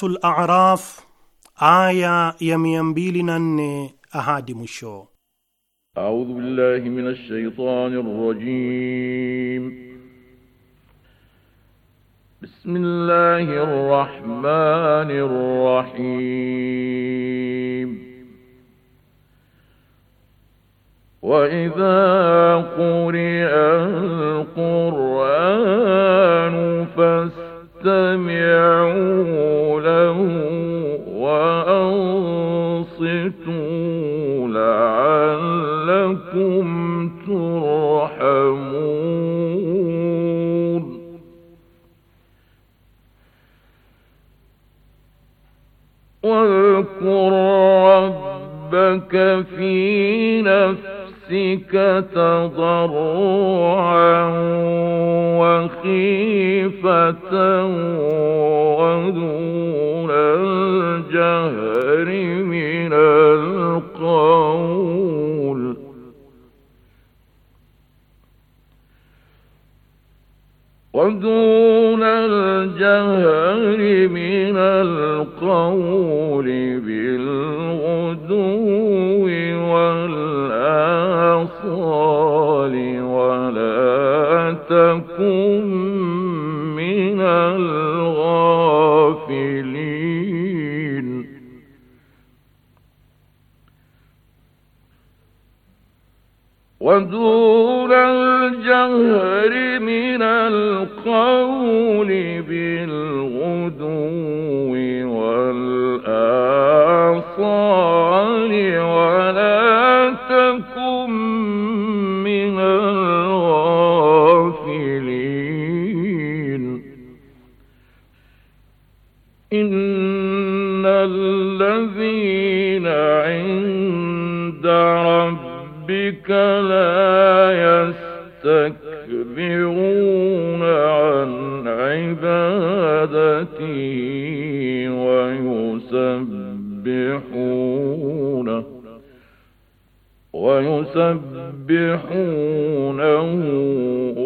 Suratul Araf aya ya mia mbili na nne ahadi mwisho. A'udhu billahi minash shaitanir rajim. Bismillahir rahmanir rahim. وإذا قرئ القرآن فاستمعوا وأنصتوا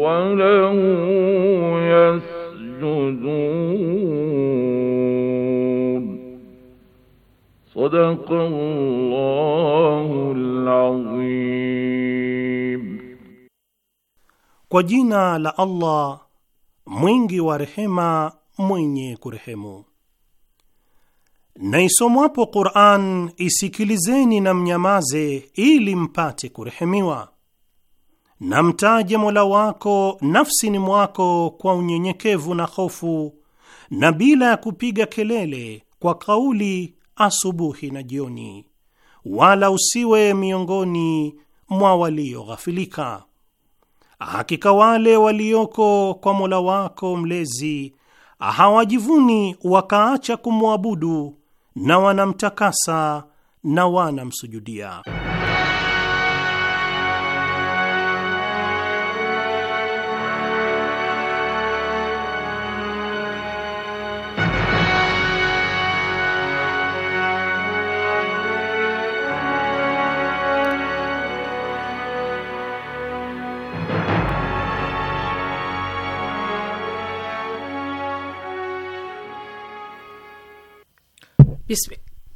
وله يسجدون صدق الله العظيم. Kwa jina la Allah mwingi wa rehema mwenye kurehemu. Na isomwapo Qur'an isikilizeni na mnyamaze, ili mpate kurehemiwa na mtaje Mola wako nafsini mwako kwa unyenyekevu na hofu na bila ya kupiga kelele kwa kauli asubuhi na jioni, wala usiwe miongoni mwa walioghafilika. Hakika wale walioko kwa Mola wako mlezi hawajivuni wakaacha kumwabudu, na wanamtakasa na wanamsujudia.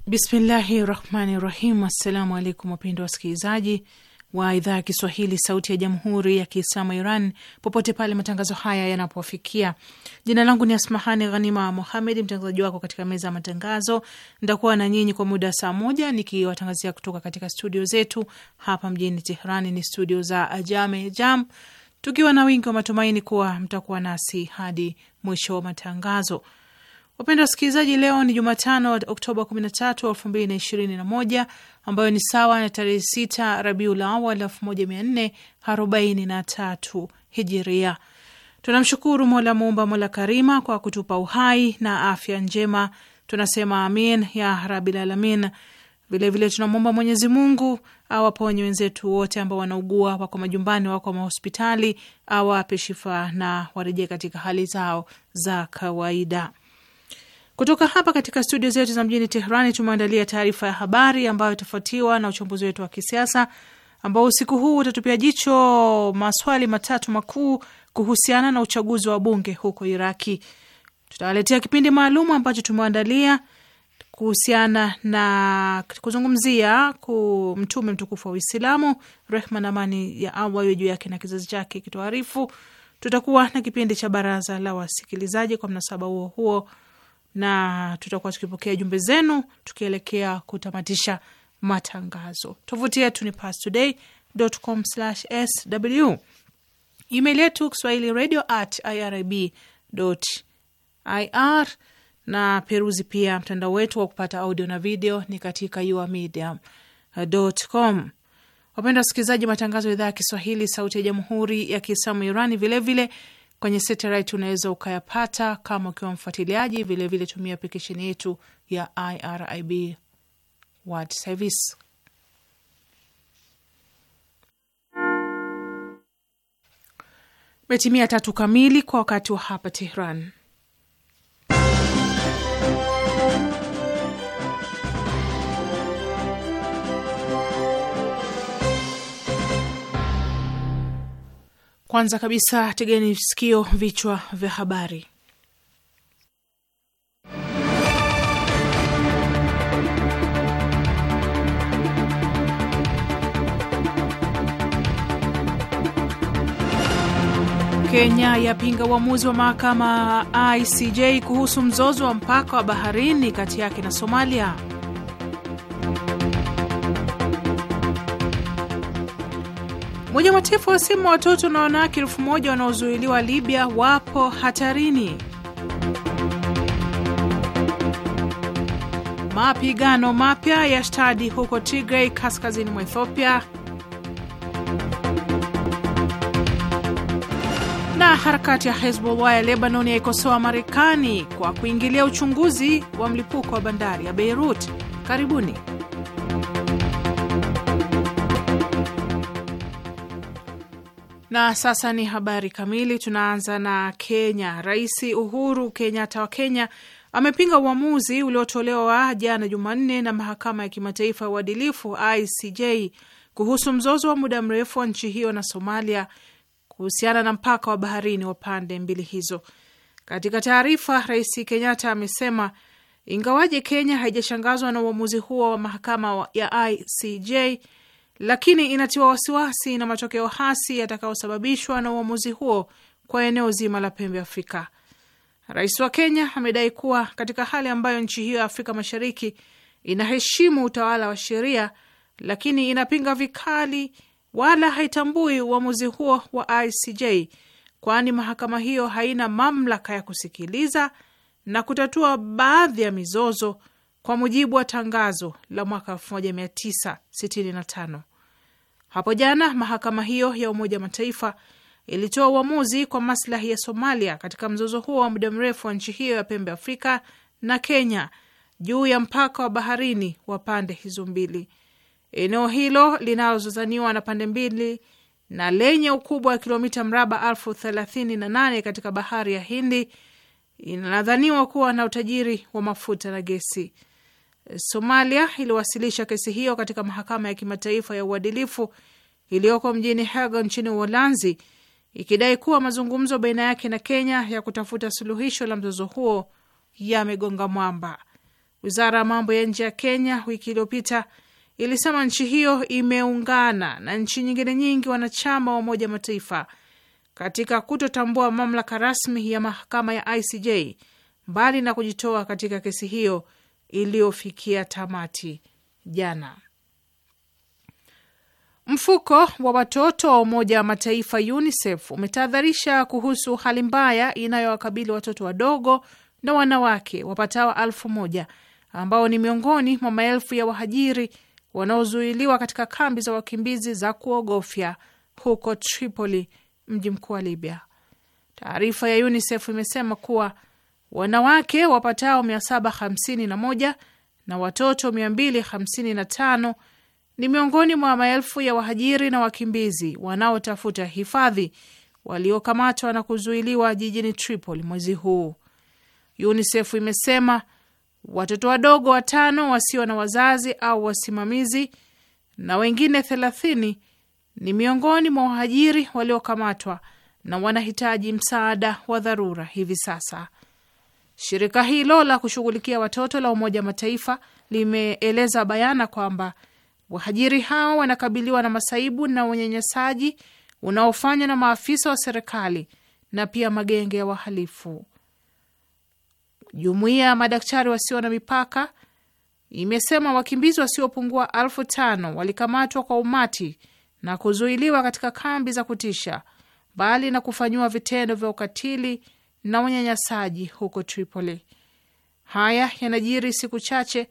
bismillahi rahmani rahim. Assalamu alaikum wapendwa wasikilizaji wa idhaa ya Kiswahili sauti ya jamhuri ya Kiislamu Iran popote pale matangazo haya yanapowafikia. Jina langu ni Asmahani Ghanima Mohamed, mtangazaji wako katika meza ya matangazo. ntakuwa na nyinyi kwa muda saa moja nikiwatangazia kutoka katika studio zetu hapa mjini Tehrani, ni studio za Ajame Jam, tukiwa na wingi wa matumaini kuwa mtakuwa nasi hadi mwisho wa matangazo. Wapenda wasikilizaji, leo ni Jumatano, Oktoba 13, 2021 ambayo ni sawa na tarehe 6 Rabiul Awal 1443 Hijiria. Tunamshukuru Mola Muumba, Mola Karima, kwa kutupa uhai na afya njema. Tunasema amin ya rabil alamin. Vilevile tunamwomba Mwenyezi Mungu awaponye wenzetu wote ambao wanaugua, wako majumbani, wako mahospitali, awape shifa na warejee katika hali zao za kawaida. Kutoka hapa katika studio zetu za mjini Teherani tumeandalia taarifa ya habari ambayo itafuatiwa na uchambuzi wetu wa kisiasa ambao usiku huu utatupia jicho maswali matatu makuu kuhusiana na uchaguzi wa bunge huko Iraki. Tutawaletea kipindi maalum ambacho tumeandalia kuhusiana na kuzungumzia mtume mtukufu wa Uislamu, rehma na amani ya Allah iwe juu yake na kizazi chake, kitoarifu. Tutakuwa na kipindi cha baraza la wasikilizaji kwa mnasaba huo huo na tutakuwa tukipokea jumbe zenu tukielekea kutamatisha matangazo. Tovuti yetu ni pastoday.com/sw, email yetu Kiswahili radio at irib.ir, na peruzi pia mtandao wetu wa kupata audio na video ni katika uamedia.com. Wapenda wasikilizaji, matangazo ya idhaa ya Kiswahili sauti ya jamhuri ya Kiislamu Irani vilevile vile, kwenye satellite unaweza ukayapata kama ukiwa mfuatiliaji. Vilevile tumia aplikesheni yetu ya IRIB World Service. Metimia tatu kamili kwa wakati wa hapa Tehran. Kwanza kabisa tegeni sikio, vichwa vya habari. Kenya yapinga uamuzi wa mahakama ICJ kuhusu mzozo wa mpaka wa baharini kati yake na Somalia. Umoja wa Mataifa wasema watoto na wanawake elfu moja wanaozuiliwa Libya wapo hatarini. Mapigano mapya ya shtadi huko Tigray kaskazini mwa Ethiopia. Na harakati ya Hezbollah ya Lebanon yaikosoa Marekani kwa kuingilia uchunguzi wa mlipuko wa bandari ya Beirut. Karibuni. Na sasa ni habari kamili. Tunaanza na Kenya. Rais Uhuru Kenyatta wa Kenya amepinga uamuzi uliotolewa jana Jumanne na mahakama ya kimataifa ya uadilifu ICJ kuhusu mzozo wa muda mrefu wa nchi hiyo na Somalia kuhusiana na mpaka wa baharini wa pande mbili hizo. Katika taarifa, Rais Kenyatta amesema ingawaje Kenya haijashangazwa na uamuzi huo wa mahakama ya ICJ lakini inatiwa wasiwasi na matokeo hasi yatakayosababishwa na uamuzi huo kwa eneo zima la pembe Afrika. Rais wa Kenya amedai kuwa katika hali ambayo nchi hiyo ya Afrika Mashariki inaheshimu utawala wa sheria, lakini inapinga vikali wala haitambui uamuzi huo wa ICJ, kwani mahakama hiyo haina mamlaka ya kusikiliza na kutatua baadhi ya mizozo kwa mujibu wa tangazo la mwaka 1965. Hapo jana mahakama hiyo ya Umoja wa Mataifa ilitoa uamuzi kwa maslahi ya Somalia katika mzozo huo wa muda mrefu wa nchi hiyo ya pembe Afrika na Kenya juu ya mpaka wa baharini wa pande hizo mbili. Eneo hilo linalozozaniwa na pande mbili na lenye ukubwa wa kilomita mraba elfu thelathini na nane katika bahari ya Hindi inadhaniwa kuwa na utajiri wa mafuta na gesi. Somalia iliwasilisha kesi hiyo katika mahakama ya kimataifa ya uadilifu iliyoko mjini Hague nchini Uholanzi, ikidai kuwa mazungumzo baina yake na Kenya ya kutafuta suluhisho la mzozo huo yamegonga mwamba. Wizara ya mambo ya nje ya Kenya wiki iliyopita ilisema nchi hiyo imeungana na nchi nyingine nyingi wanachama wa Umoja Mataifa katika kutotambua mamlaka rasmi ya mahakama ya ICJ mbali na kujitoa katika kesi hiyo iliyofikia tamati jana. Mfuko wa watoto wa Umoja wa Mataifa UNICEF umetahadharisha kuhusu hali mbaya inayowakabili watoto wadogo na wanawake wapatao elfu moja ambao ni miongoni mwa maelfu ya wahajiri wanaozuiliwa katika kambi za wakimbizi za kuogofya huko Tripoli, mji mkuu wa Libya. Taarifa ya UNICEF imesema kuwa wanawake wapatao 751 na, na watoto 255 ni miongoni mwa maelfu ya wahajiri na wakimbizi wanaotafuta hifadhi waliokamatwa na kuzuiliwa jijini Tripoli mwezi huu. UNICEF imesema watoto wadogo watano wasio na wazazi au wasimamizi na wengine 30 ni miongoni mwa wahajiri waliokamatwa na wanahitaji msaada wa dharura hivi sasa. Shirika hilo la kushughulikia watoto la Umoja Mataifa limeeleza bayana kwamba wahajiri hao wanakabiliwa na masaibu na unyanyasaji unaofanywa na maafisa wa serikali na pia magenge ya wahalifu. Jumuiya ya madaktari wasio na mipaka imesema wakimbizi wasiopungua elfu tano walikamatwa kwa umati na kuzuiliwa katika kambi za kutisha, mbali na kufanyiwa vitendo vya ukatili na unyanyasaji huko Tripoli. Haya yanajiri siku chache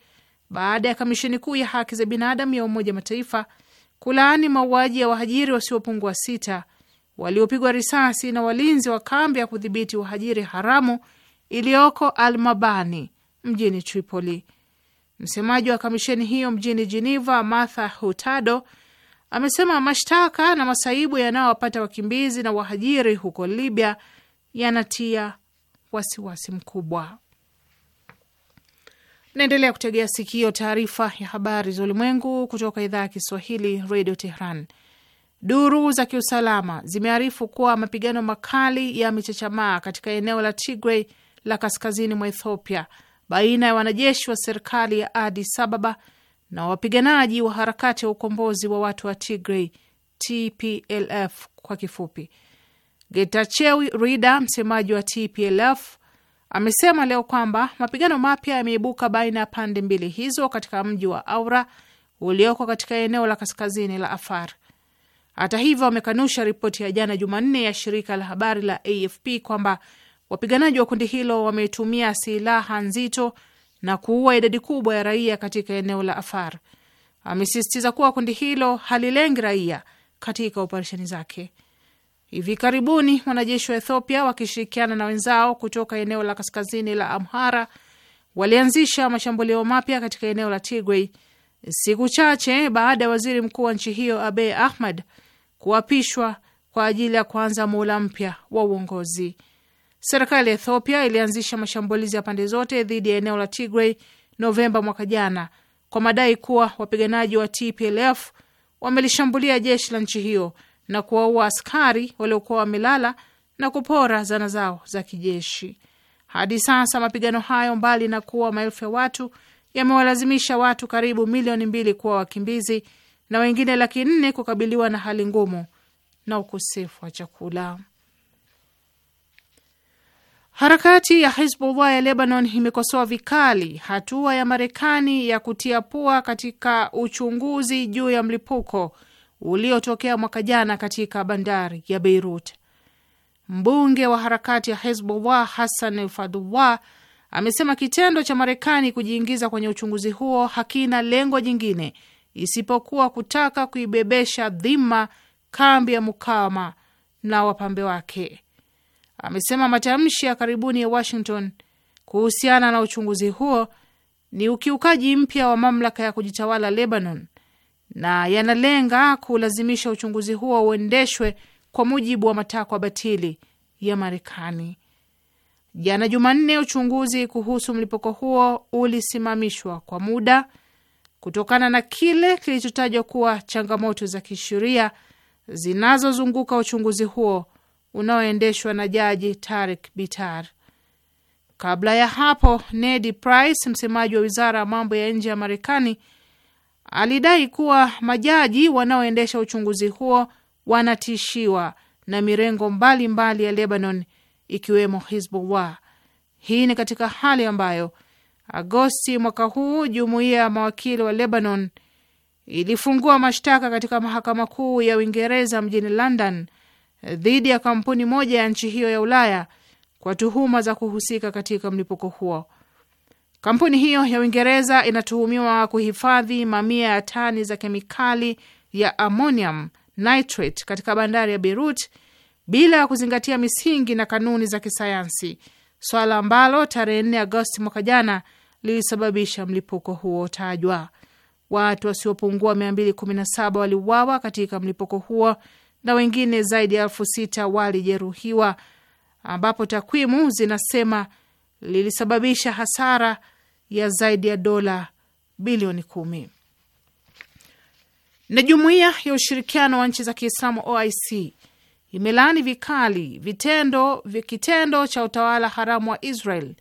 baada ya kamisheni kuu ya haki za binadamu ya Umoja Mataifa kulaani mauaji ya wahajiri wasiopungua sita waliopigwa risasi na walinzi wa kambi ya kudhibiti wahajiri haramu iliyoko Almabani mjini Tripoli. Msemaji wa kamisheni hiyo mjini jeneva Martha Hurtado, amesema mashtaka na masaibu yanayowapata wakimbizi na wahajiri huko Libya yanatia wasiwasi mkubwa. Naendelea kutegea sikio taarifa ya habari za ulimwengu kutoka idhaa ya Kiswahili, radio Tehran. Duru za kiusalama zimearifu kuwa mapigano makali yamechachamaa katika eneo la Tigray la kaskazini mwa Ethiopia baina ya wanajeshi wa serikali ya Addis Ababa na wapiganaji wa harakati ya ukombozi wa watu wa Tigray, TPLF kwa kifupi, Getachew Rida, msemaji wa TPLF, amesema leo kwamba mapigano mapya yameibuka baina ya pande mbili hizo katika mji wa Aura ulioko katika eneo la kaskazini la Afar. Hata hivyo, wamekanusha ripoti ya jana Jumanne ya shirika la habari la AFP kwamba wapiganaji wa kundi hilo wametumia silaha nzito na kuua idadi kubwa ya raia katika eneo la Afar. Amesisitiza kuwa kundi hilo halilengi raia katika operesheni zake. Hivi karibuni wanajeshi wa Ethiopia wakishirikiana na wenzao kutoka eneo la kaskazini la Amhara walianzisha mashambulio mapya katika eneo la Tigray siku chache baada ya waziri mkuu wa nchi hiyo Abiy Ahmed kuapishwa kwa ajili ya kuanza muhula mpya wa uongozi. Serikali ya Ethiopia ilianzisha mashambulizi ya pande zote dhidi ya eneo la Tigray Novemba mwaka jana kwa madai kuwa wapiganaji wa TPLF wamelishambulia jeshi la nchi hiyo na kuwaua askari waliokuwa wamelala na kupora zana zao za kijeshi. Hadi sasa mapigano hayo, mbali na kuwa maelfu ya watu, yamewalazimisha watu karibu milioni mbili kuwa wakimbizi na wengine laki nne kukabiliwa na hali ngumu na ukosefu wa chakula. Harakati ya Hizbullah ya Lebanon imekosoa vikali hatua ya Marekani ya kutia pua katika uchunguzi juu ya mlipuko uliotokea mwaka jana katika bandari ya Beirut. Mbunge wa harakati ya Hezbollah Hassan Fadullah amesema kitendo cha Marekani kujiingiza kwenye uchunguzi huo hakina lengo jingine isipokuwa kutaka kuibebesha dhima kambi ya mukawama na wapambe wake. Amesema matamshi ya karibuni ya Washington kuhusiana na uchunguzi huo ni ukiukaji mpya wa mamlaka ya kujitawala Lebanon na yanalenga kulazimisha uchunguzi huo uendeshwe kwa mujibu wa matakwa batili ya Marekani. Jana Jumanne, uchunguzi kuhusu mlipuko huo ulisimamishwa kwa muda kutokana na kile kilichotajwa kuwa changamoto za kisheria zinazozunguka uchunguzi huo unaoendeshwa na jaji Tarik Bitar. Kabla ya hapo, Ned Price, msemaji wa wizara ya mambo ya nje ya Marekani, alidai kuwa majaji wanaoendesha uchunguzi huo wanatishiwa na mirengo mbalimbali mbali ya Lebanon ikiwemo Hizbullah. Hii ni katika hali ambayo Agosti mwaka huu jumuiya ya mawakili wa Lebanon ilifungua mashtaka katika mahakama kuu ya Uingereza mjini London dhidi ya kampuni moja ya nchi hiyo ya Ulaya kwa tuhuma za kuhusika katika mlipuko huo. Kampuni hiyo ya Uingereza inatuhumiwa kuhifadhi mamia ya tani za kemikali ya ammonium nitrate katika bandari ya Beirut bila ya kuzingatia misingi na kanuni za kisayansi, swala ambalo tarehe 4 Agosti mwaka jana lilisababisha mlipuko huo tajwa. Watu wasiopungua 217 waliuawa katika mlipuko huo na wengine zaidi ya elfu sita walijeruhiwa, ambapo takwimu zinasema lilisababisha hasara ya zaidi ya dola bilioni kumi. Na jumuiya ya ushirikiano wa nchi za Kiislamu OIC imelaani vikali vitendo vya kitendo cha utawala haramu wa Israel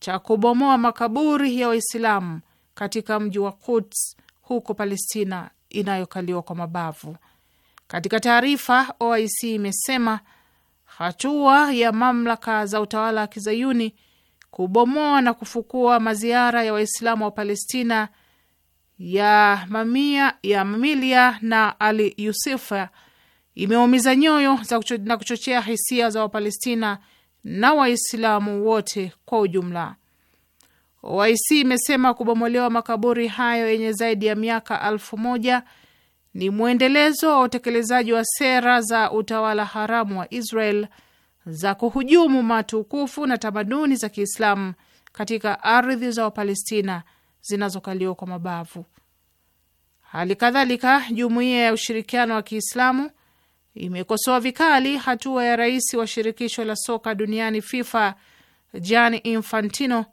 cha kubomoa makaburi ya Waislamu katika mji wa Quds huko Palestina inayokaliwa kwa mabavu. Katika taarifa, OIC imesema hatua ya mamlaka za utawala wa kizayuni kubomoa na kufukua maziara ya Waislamu wa Palestina ya mamia ya mamilia na Ali Yusufa imeumiza nyoyo za kucho, na kuchochea hisia za Wapalestina na Waislamu wote kwa ujumla. OIC imesema kubomolewa makaburi hayo yenye zaidi ya miaka alfu moja ni mwendelezo wa utekelezaji wa sera za utawala haramu wa Israel za kuhujumu matukufu na tamaduni za Kiislamu katika ardhi za Wapalestina zinazokaliwa kwa mabavu. Hali kadhalika, jumuiya ya ushirikiano wa Kiislamu imekosoa vikali hatua ya rais wa shirikisho la soka duniani FIFA Gianni Infantino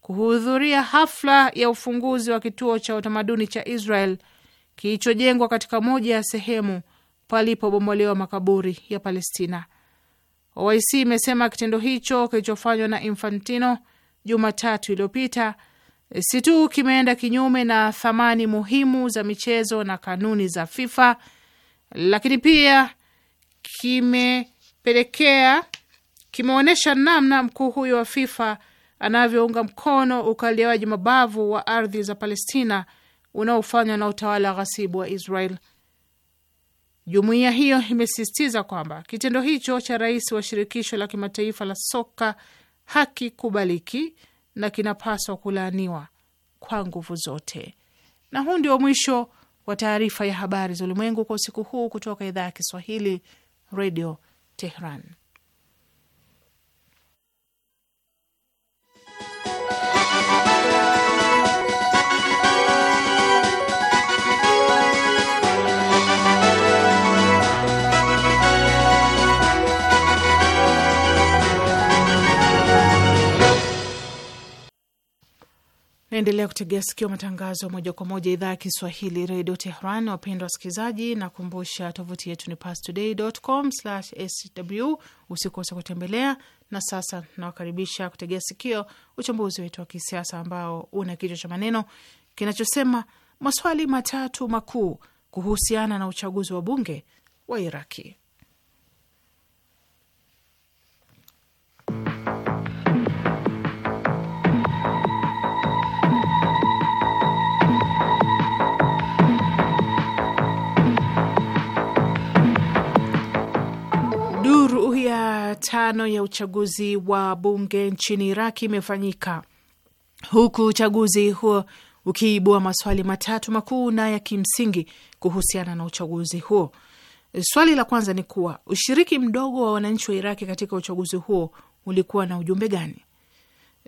kuhudhuria hafla ya ufunguzi wa kituo cha utamaduni cha Israel kilichojengwa katika moja ya sehemu palipobomolewa makaburi ya Palestina. OIC imesema kitendo hicho kilichofanywa na Infantino Jumatatu iliyopita eh, si tu kimeenda kinyume na thamani muhimu za michezo na kanuni za FIFA, lakini pia kimepelekea kimeonyesha namna mkuu huyo wa FIFA anavyounga mkono ukaliaji mabavu wa ardhi za Palestina unaofanywa na utawala ghasibu wa Israel. Jumuiya hiyo imesisitiza kwamba kitendo hicho cha rais wa shirikisho la kimataifa la soka hakikubaliki na kinapaswa kulaaniwa kwa nguvu zote. Na huu ndio mwisho wa taarifa ya habari za ulimwengu kwa usiku huu kutoka idhaa ya Kiswahili, Radio Tehran. Naendelea kutegea sikio matangazo moja kwa moja idhaa ya Kiswahili redio Tehran. Wapendwa wasikilizaji, nakumbusha tovuti yetu ni pastoday.com/sw. Usikose kutembelea. Na sasa nawakaribisha kutegea sikio uchambuzi wetu wa kisiasa ambao una kichwa cha maneno kinachosema maswali matatu makuu kuhusiana na uchaguzi wa bunge wa Iraki. ya tano ya uchaguzi wa bunge nchini Iraq imefanyika huku uchaguzi huo ukiibua maswali matatu makuu na ya kimsingi kuhusiana na uchaguzi huo. Swali la kwanza ni kuwa ushiriki mdogo wa wananchi wa Iraki katika uchaguzi huo ulikuwa na ujumbe gani?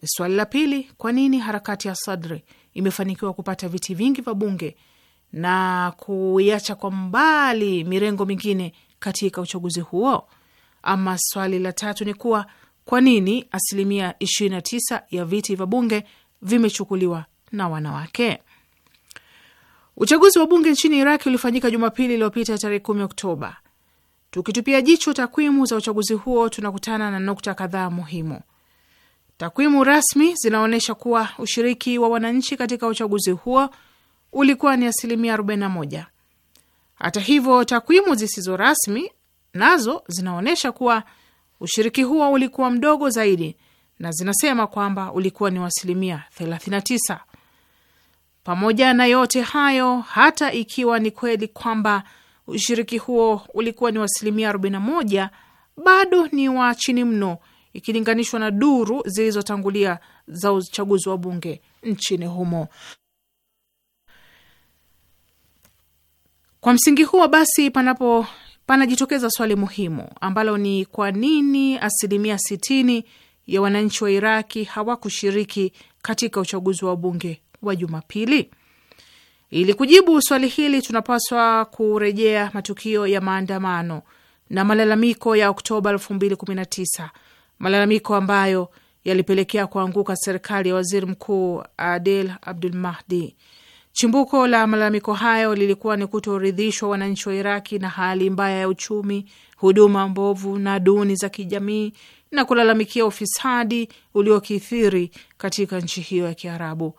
Swali la pili, kwa nini harakati ya Sadri imefanikiwa kupata viti vingi vya bunge na kuiacha kwa mbali mirengo mingine katika uchaguzi huo? Ama swali la tatu ni kuwa kwa nini asilimia 29 ya viti vya bunge vimechukuliwa na wanawake? Uchaguzi wa bunge nchini Iraq ulifanyika Jumapili iliyopita tarehe 10 Oktoba. Tukitupia jicho takwimu za uchaguzi huo, tunakutana na nukta kadhaa muhimu. Takwimu rasmi zinaonyesha kuwa ushiriki wa wananchi katika uchaguzi huo ulikuwa ni asilimia 41. Hata hivyo, takwimu zisizo rasmi nazo zinaonyesha kuwa ushiriki huo ulikuwa mdogo zaidi na zinasema kwamba ulikuwa ni asilimia 39. Pamoja na yote hayo, hata ikiwa ni kweli kwamba ushiriki huo ulikuwa ni asilimia 41, bado ni wa chini mno ikilinganishwa na duru zilizotangulia za uchaguzi wa bunge nchini humo. Kwa msingi huo basi, panapo panajitokeza swali muhimu ambalo ni kwa nini asilimia 60 ya wananchi wa Iraki hawakushiriki katika uchaguzi wa bunge wa Jumapili. Ili kujibu swali hili, tunapaswa kurejea matukio ya maandamano na malalamiko ya Oktoba 2019, malalamiko ambayo yalipelekea kuanguka serikali ya waziri mkuu Adel Abdul Mahdi. Chimbuko la malalamiko hayo lilikuwa ni kutoridhishwa wananchi wa Iraki na hali mbaya ya uchumi, huduma mbovu na duni za kijamii, na kulalamikia ufisadi uliokithiri katika nchi hiyo ya Kiarabu.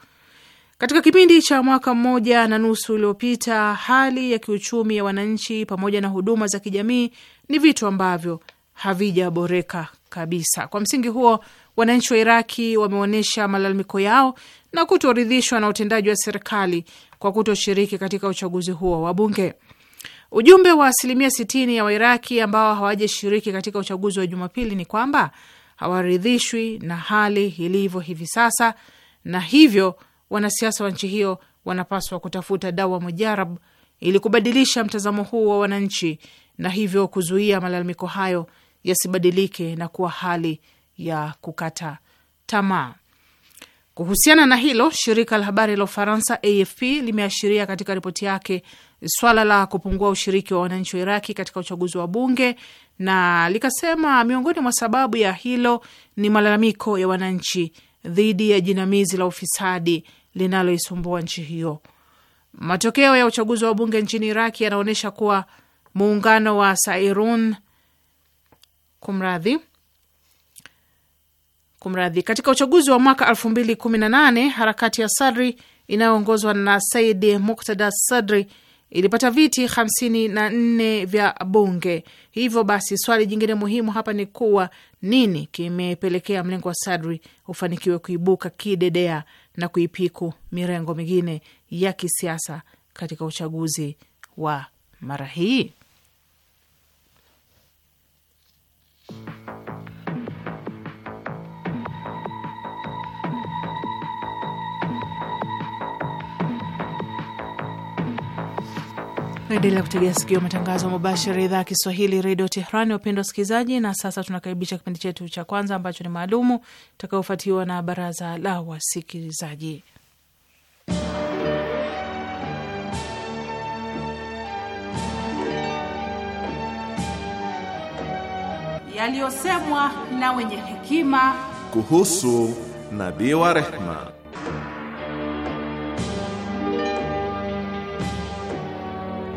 Katika kipindi cha mwaka mmoja na nusu uliopita, hali ya kiuchumi ya wananchi pamoja na huduma za kijamii ni vitu ambavyo havijaboreka kabisa. Kwa msingi huo Wananchi wa Iraki wameonyesha malalamiko yao na kutoridhishwa na utendaji wa serikali kwa kutoshiriki katika uchaguzi huo wa bunge. Ujumbe wa asilimia sitini ya Wairaki ambao hawajashiriki katika uchaguzi wa Jumapili ni kwamba hawaridhishwi na hali ilivyo hivi sasa, na hivyo wanasiasa wa nchi hiyo wanapaswa kutafuta dawa mujarab ili kubadilisha mtazamo huu wa wananchi, na hivyo kuzuia malalamiko hayo yasibadilike na kuwa hali ya kukata tamaa. Kuhusiana na hilo, shirika la habari la Ufaransa AFP limeashiria katika ripoti yake swala la kupungua ushiriki wa wananchi wa Iraki katika uchaguzi wa bunge, na likasema miongoni mwa sababu ya hilo ni malalamiko ya wananchi dhidi ya jinamizi la ufisadi linaloisumbua nchi hiyo. Matokeo ya uchaguzi wa bunge nchini Iraki yanaonyesha kuwa muungano wa Sairun, kumradhi Kumradhi, katika uchaguzi wa mwaka 2018 harakati ya Sadri inayoongozwa na Saidi Muktada Sadri ilipata viti 54 vya bunge. Hivyo basi, swali jingine muhimu hapa ni kuwa nini kimepelekea mlengo wa Sadri ufanikiwe kuibuka kidedea na kuipiku mirengo mingine ya kisiasa katika uchaguzi wa mara hii. Naendelea kutegea sikio matangazo mubashara idhaa ya Kiswahili redio Tehrani, wapendwa wasikilizaji. Na sasa tunakaribisha kipindi chetu cha kwanza ambacho ni maalumu takaofuatiwa na baraza la wasikilizaji. Yaliyosemwa na wenye hekima kuhusu nabii wa rehma.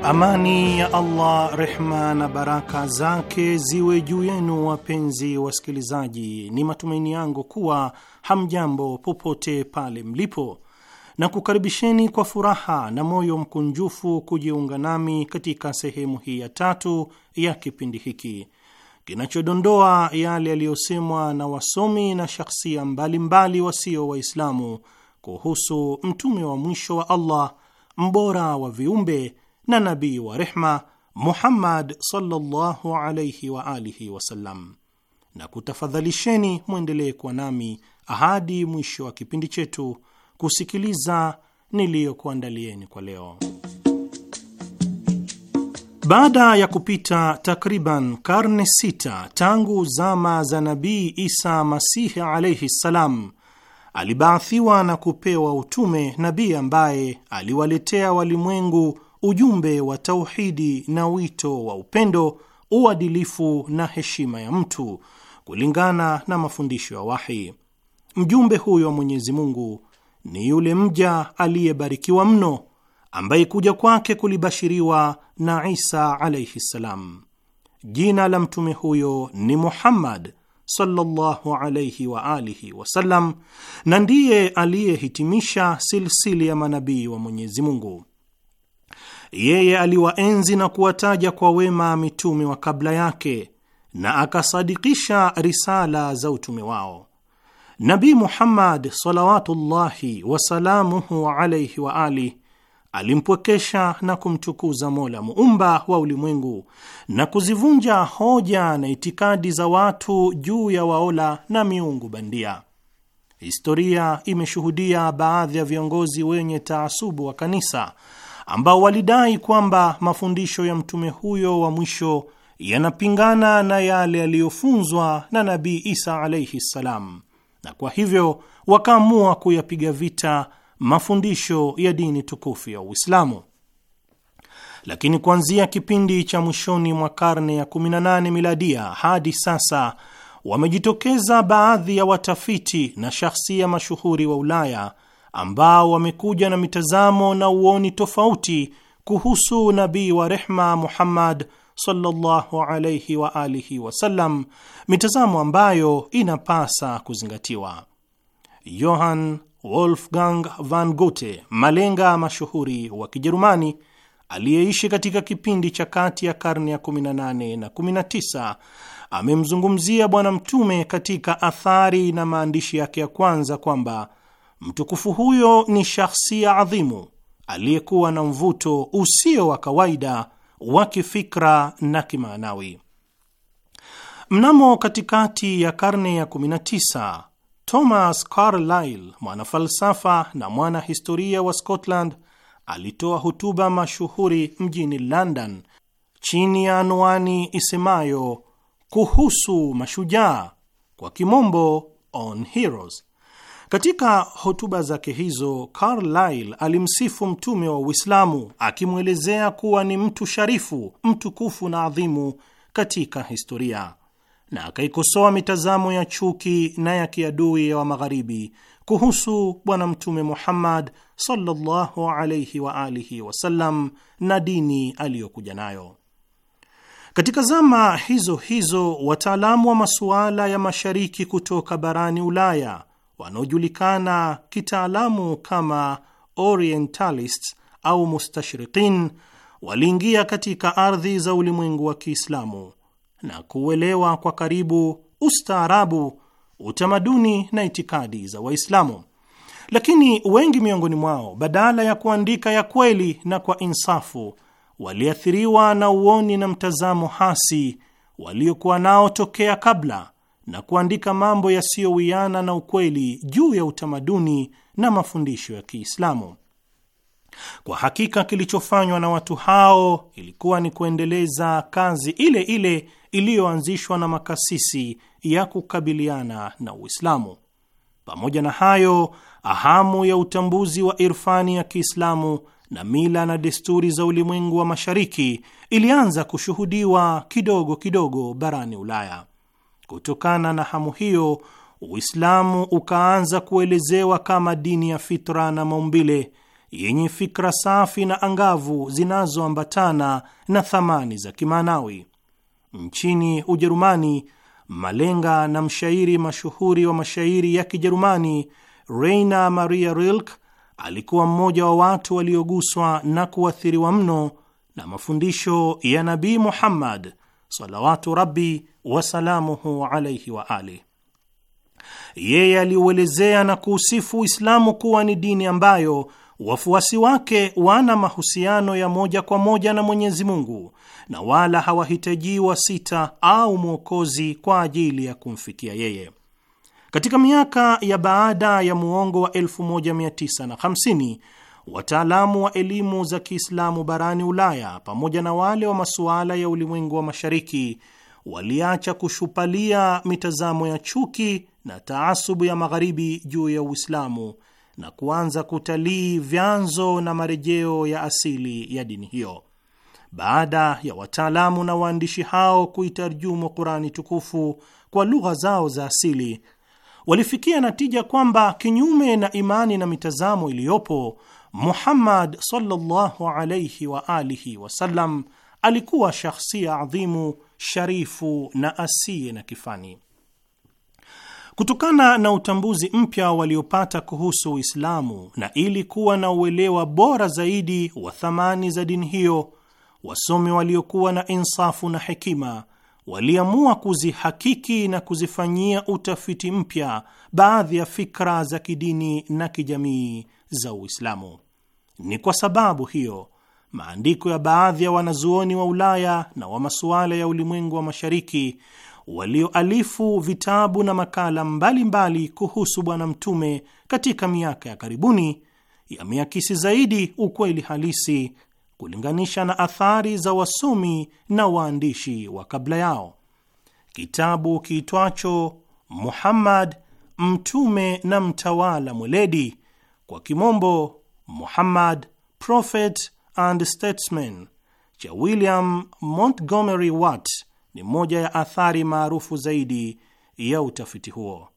Amani ya Allah, rehma na baraka zake ziwe juu yenu, wapenzi wasikilizaji. Ni matumaini yangu kuwa hamjambo popote pale mlipo, na kukaribisheni kwa furaha na moyo mkunjufu kujiunga nami katika sehemu hii ya tatu ya kipindi hiki kinachodondoa yale yaliyosemwa na wasomi na shakhsia mbalimbali wasio Waislamu kuhusu mtume wa mwisho wa Allah, mbora wa viumbe na nabii wa rehma Muhammad sallallahu alayhi wa alihi wasallam, na kutafadhalisheni mwendelee kuwa nami ahadi mwisho wa kipindi chetu kusikiliza niliyokuandalieni kwa leo. Baada ya kupita takriban karne sita tangu zama za Nabii Isa Masihi alaihi ssalam, alibaathiwa na kupewa utume nabii ambaye aliwaletea walimwengu ujumbe wa tauhidi na wito wa upendo, uadilifu na heshima ya mtu kulingana na mafundisho ya wahi. Mjumbe huyo wa Mwenyezi Mungu ni yule mja aliyebarikiwa mno ambaye kuja kwake kulibashiriwa na Isa alaihi ssalam. Jina la mtume huyo ni Muhammad sallallahu alaihi wa alihi wasallam, na ndiye aliyehitimisha silsili ya manabii wa Mwenyezi Mungu. Yeye aliwaenzi na kuwataja kwa wema mitume wa kabla yake na akasadikisha risala za utume wao. Nabi Muhammad salawatullahi wasalamuhu alaihi wa ali alimpwekesha na kumtukuza Mola muumba wa ulimwengu na kuzivunja hoja na itikadi za watu juu ya waola na miungu bandia. Historia imeshuhudia baadhi ya viongozi wenye taasubu wa kanisa ambao walidai kwamba mafundisho ya mtume huyo wa mwisho yanapingana na yale yaliyofunzwa na Nabii Isa alaihi ssalam, na kwa hivyo wakaamua kuyapiga vita mafundisho ya dini tukufu ya Uislamu. Lakini kuanzia kipindi cha mwishoni mwa karne ya 18 miladia hadi sasa wamejitokeza baadhi ya watafiti na shahsia mashuhuri wa Ulaya ambao wamekuja na mitazamo na uoni tofauti kuhusu nabii wa rehma Muhammad sallallahu alayhi wa alihi wasallam, mitazamo ambayo inapasa kuzingatiwa. Johann Wolfgang van Goethe, malenga mashuhuri wa Kijerumani aliyeishi katika kipindi cha kati ya karne ya 18 na 19, amemzungumzia Bwana Mtume katika athari na maandishi yake ya kwanza kwamba Mtukufu huyo ni shahsia adhimu aliyekuwa na mvuto usio wa kawaida wa kifikra na kimaanawi. Mnamo katikati ya karne ya 19 Thomas Carlyle, mwanafalsafa na mwanahistoria wa Scotland, alitoa hotuba mashuhuri mjini London chini ya anwani isemayo kuhusu mashujaa, kwa kimombo on heroes. Katika hotuba zake hizo, Carlyle alimsifu mtume wa Uislamu akimwelezea kuwa ni mtu sharifu, mtukufu na adhimu katika historia, na akaikosoa mitazamo ya chuki na ya kiadui ya wa Magharibi kuhusu Bwana Mtume Muhammad sallallahu alayhi wa alihi wasallam na dini aliyokuja nayo. Katika zama hizo hizo, wataalamu wa masuala ya mashariki kutoka barani Ulaya wanaojulikana kitaalamu kama Orientalists au mustashriqin waliingia katika ardhi za ulimwengu wa Kiislamu na kuuelewa kwa karibu ustaarabu, utamaduni na itikadi za Waislamu. Lakini wengi miongoni mwao, badala ya kuandika ya kweli na kwa insafu, waliathiriwa na uoni na mtazamo hasi waliokuwa nao tokea kabla na kuandika mambo yasiyowiana na ukweli juu ya utamaduni na mafundisho ya Kiislamu. Kwa hakika kilichofanywa na watu hao ilikuwa ni kuendeleza kazi ile ile iliyoanzishwa na makasisi ya kukabiliana na Uislamu. Pamoja na hayo, ahamu ya utambuzi wa irfani ya Kiislamu na mila na desturi za ulimwengu wa Mashariki ilianza kushuhudiwa kidogo kidogo barani Ulaya. Kutokana na hamu hiyo, Uislamu ukaanza kuelezewa kama dini ya fitra na maumbile yenye fikra safi na angavu zinazoambatana na thamani za kimaanawi. Nchini Ujerumani, malenga na mshairi mashuhuri wa mashairi ya Kijerumani Rainer Maria Rilke alikuwa mmoja wa watu walioguswa na kuathiriwa mno na mafundisho ya Nabii Muhammad salawatu rabbi wasalamuhu alaihi wa ali. Yeye aliuelezea na kuusifu Uislamu kuwa ni dini ambayo wafuasi wake wana mahusiano ya moja kwa moja na Mwenyezi Mungu na wala hawahitaji wasita au mwokozi kwa ajili ya kumfikia yeye. Katika miaka ya baada ya muongo wa 1950 wataalamu wa elimu za Kiislamu barani Ulaya pamoja na wale wa masuala ya ulimwengu wa mashariki waliacha kushupalia mitazamo ya chuki na taasubu ya magharibi juu ya Uislamu na kuanza kutalii vyanzo na marejeo ya asili ya dini hiyo. Baada ya wataalamu na waandishi hao kuitarjumu Kurani tukufu kwa lugha zao za asili, walifikia natija kwamba kinyume na imani na mitazamo iliyopo Muhammad sallallahu alayhi wa alihi wasallam alikuwa shakhsia adhimu, sharifu na asiye na kifani. Kutokana na utambuzi mpya waliopata kuhusu Uislamu na ili kuwa na uelewa bora zaidi wa thamani za dini hiyo, wasomi waliokuwa na insafu na hekima waliamua kuzihakiki na kuzifanyia utafiti mpya baadhi ya fikra za kidini na kijamii za Uislamu. Ni kwa sababu hiyo maandiko ya baadhi ya wanazuoni wa Ulaya na wa masuala ya ulimwengu wa Mashariki walioalifu vitabu na makala mbalimbali mbali kuhusu Bwana Mtume katika miaka ya karibuni yameakisi zaidi ukweli halisi kulinganisha na athari za wasomi na waandishi wa kabla yao. Kitabu kiitwacho Muhammad, mtume na mtawala mweledi kwa kimombo Muhammad Prophet and Statesman cha William Montgomery Watt ni moja ya athari maarufu zaidi ya utafiti huo.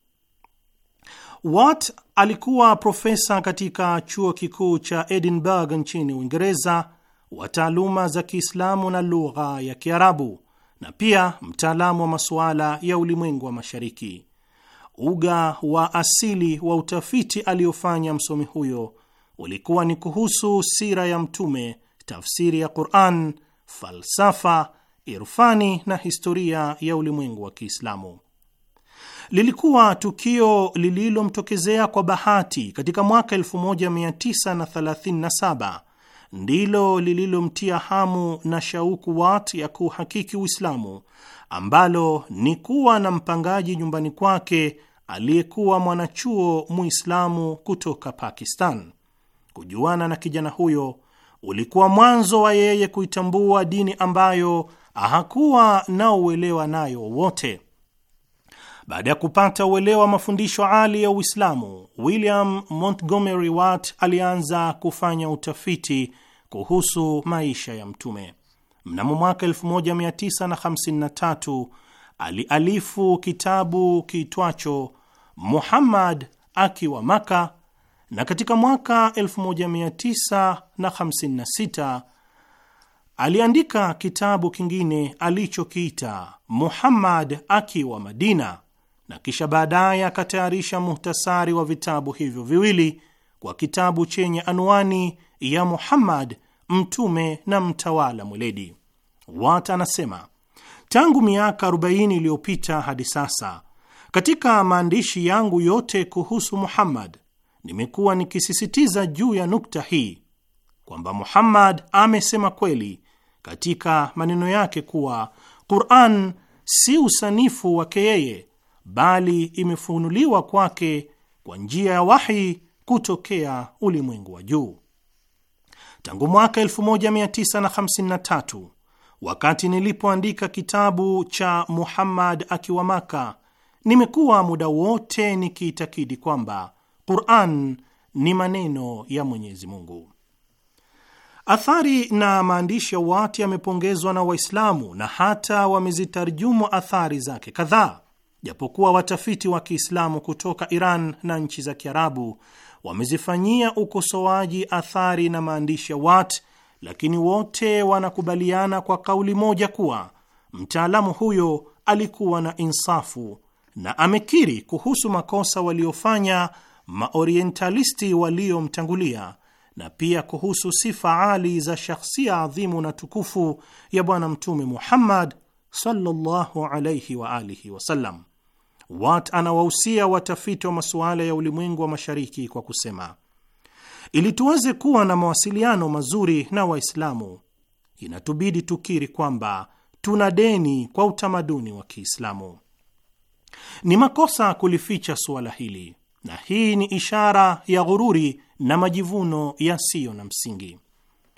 Watt alikuwa profesa katika chuo kikuu cha Edinburgh nchini Uingereza wa taaluma za Kiislamu na lugha ya Kiarabu na pia mtaalamu wa masuala ya ulimwengu wa Mashariki uga wa asili wa utafiti aliyofanya msomi huyo ulikuwa ni kuhusu sira ya Mtume, tafsiri ya Quran, falsafa, irfani na historia ya ulimwengu wa Kiislamu. Lilikuwa tukio lililomtokezea kwa bahati katika mwaka 1937 ndilo lililomtia hamu na shauku Wat ya kuhakiki Uislamu, ambalo ni kuwa na mpangaji nyumbani kwake aliyekuwa mwanachuo Muislamu kutoka Pakistan. Kujuana na kijana huyo ulikuwa mwanzo wa yeye kuitambua dini ambayo hakuwa na uelewa nayo wote. Baada ya kupata uelewa wa mafundisho ali ya Uislamu, William Montgomery Watt alianza kufanya utafiti kuhusu maisha ya Mtume. Mnamo mwaka 1953 alialifu kitabu kiitwacho Muhammad akiwa Maka, na katika mwaka 1956 aliandika kitabu kingine alichokiita Muhammad akiwa Madina, na kisha baadaye akatayarisha muhtasari wa vitabu hivyo viwili kwa kitabu chenye anwani ya Muhammad mtume na mtawala mweledi. Wat anasema tangu miaka 40 iliyopita hadi sasa katika maandishi yangu yote kuhusu Muhammad nimekuwa nikisisitiza juu ya nukta hii kwamba Muhammad amesema kweli katika maneno yake kuwa Qur'an si usanifu wake yeye, bali imefunuliwa kwake kwa njia ya wahi kutokea ulimwengu wa juu. Tangu mwaka 1953 wakati nilipoandika kitabu cha Muhammad akiwa Maka Nimekuwa muda wote nikiitakidi kwamba Qur'an ni maneno ya Mwenyezi Mungu. Athari na maandishi ya Wati yamepongezwa na Waislamu na hata wamezitarjumu athari zake kadhaa, japokuwa watafiti wa Kiislamu kutoka Iran na nchi za Kiarabu wamezifanyia ukosoaji athari na maandishi ya Wat, lakini wote wanakubaliana kwa kauli moja kuwa mtaalamu huyo alikuwa na insafu na amekiri kuhusu makosa waliofanya maorientalisti waliomtangulia na pia kuhusu sifa ali za shakhsia adhimu na tukufu ya Bwana Mtume Muhammad sallallahu alayhi wa alihi wasallam. Wat anawahusia watafiti wa masuala ya ulimwengu wa mashariki kwa kusema, ili tuweze kuwa na mawasiliano mazuri na Waislamu inatubidi tukiri kwamba tuna deni kwa utamaduni wa Kiislamu. Ni makosa kulificha suala hili, na hii ni ishara ya ghururi na majivuno yasiyo na msingi.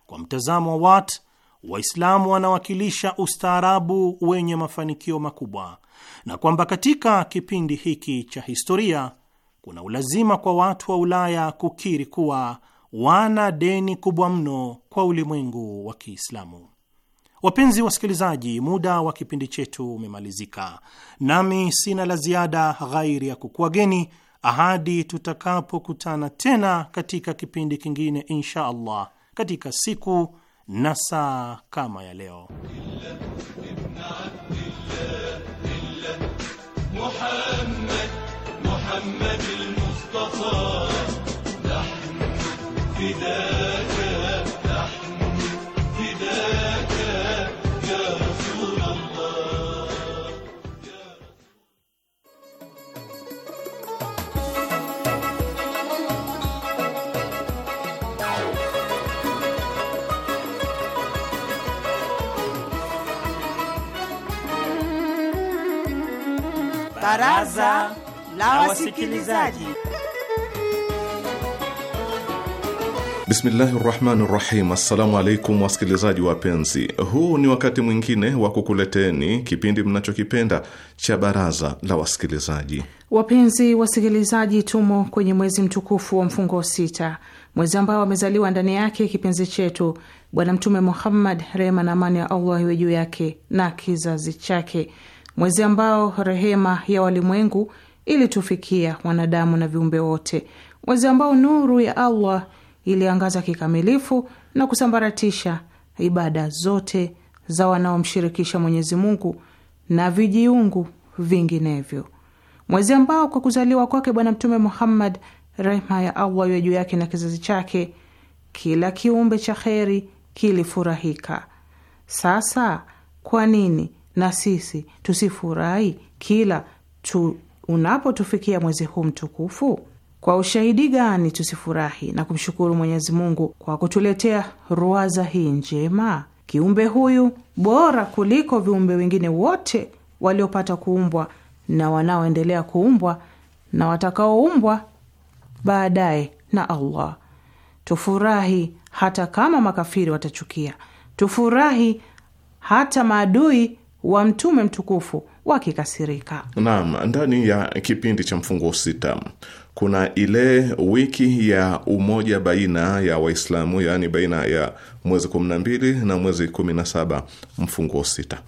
Kwa mtazamo wa Watt, Waislamu wanawakilisha ustaarabu wenye mafanikio makubwa, na kwamba katika kipindi hiki cha historia kuna ulazima kwa watu wa Ulaya kukiri kuwa wana deni kubwa mno kwa ulimwengu wa Kiislamu. Wapenzi wasikilizaji, muda wa kipindi chetu umemalizika, nami sina la ziada ghairi ya kukuageni ahadi tutakapokutana tena katika kipindi kingine insha Allah, katika siku na saa kama ya leo. Muhammad, Muhammad al-Mustafa, nahnu Baraza la Wasikilizaji. Bismillahi rahmani rahim. Assalamu alaikum wasikilizaji wapenzi, huu ni wakati mwingine wa kukuleteni kipindi mnachokipenda cha baraza la wasikilizaji. Wapenzi wasikilizaji, tumo kwenye mwezi mtukufu wa mfungo sita, mwezi ambao amezaliwa ndani yake kipenzi chetu Bwana Mtume Muhammad, rehma na amani ya Allah iwe juu yake na kizazi chake mwezi ambao rehema ya walimwengu ilitufikia wanadamu na viumbe wote, mwezi ambao nuru ya Allah iliangaza kikamilifu na kusambaratisha ibada zote za wanaomshirikisha Mwenyezi Mungu na vijiungu vinginevyo, mwezi ambao kwa kuzaliwa kwake Bwana Mtume Muhammad, rehma ya Allah iwe juu yake na kizazi chake, kila kiumbe cha kheri kilifurahika. Sasa kwa nini na sisi tusifurahi kila tu unapotufikia mwezi huu mtukufu? Kwa ushahidi gani tusifurahi na kumshukuru Mwenyezi Mungu kwa kutuletea ruwaza hii njema? Kiumbe huyu bora kuliko viumbe wengine wote waliopata kuumbwa na wanaoendelea kuumbwa na watakaoumbwa baadaye na Allah. Tufurahi hata kama makafiri watachukia, tufurahi hata maadui wa mtume mtukufu wakikasirika. Naam, ndani ya kipindi cha mfungo sita kuna ile wiki ya umoja baina ya Waislamu, yaani baina ya mwezi kumi na mbili na mwezi kumi na saba mfungo sita,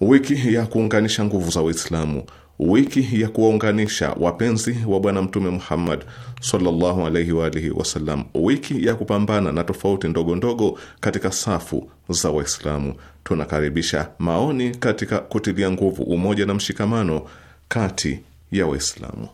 wiki ya kuunganisha nguvu za Waislamu wiki ya kuwaunganisha wapenzi wa Bwana Mtume Muhammad sallallahu alaihi wa alihi wasallam, wiki ya kupambana na tofauti ndogo ndogo katika safu za Waislamu. Tunakaribisha maoni katika kutilia nguvu umoja na mshikamano kati ya Waislamu.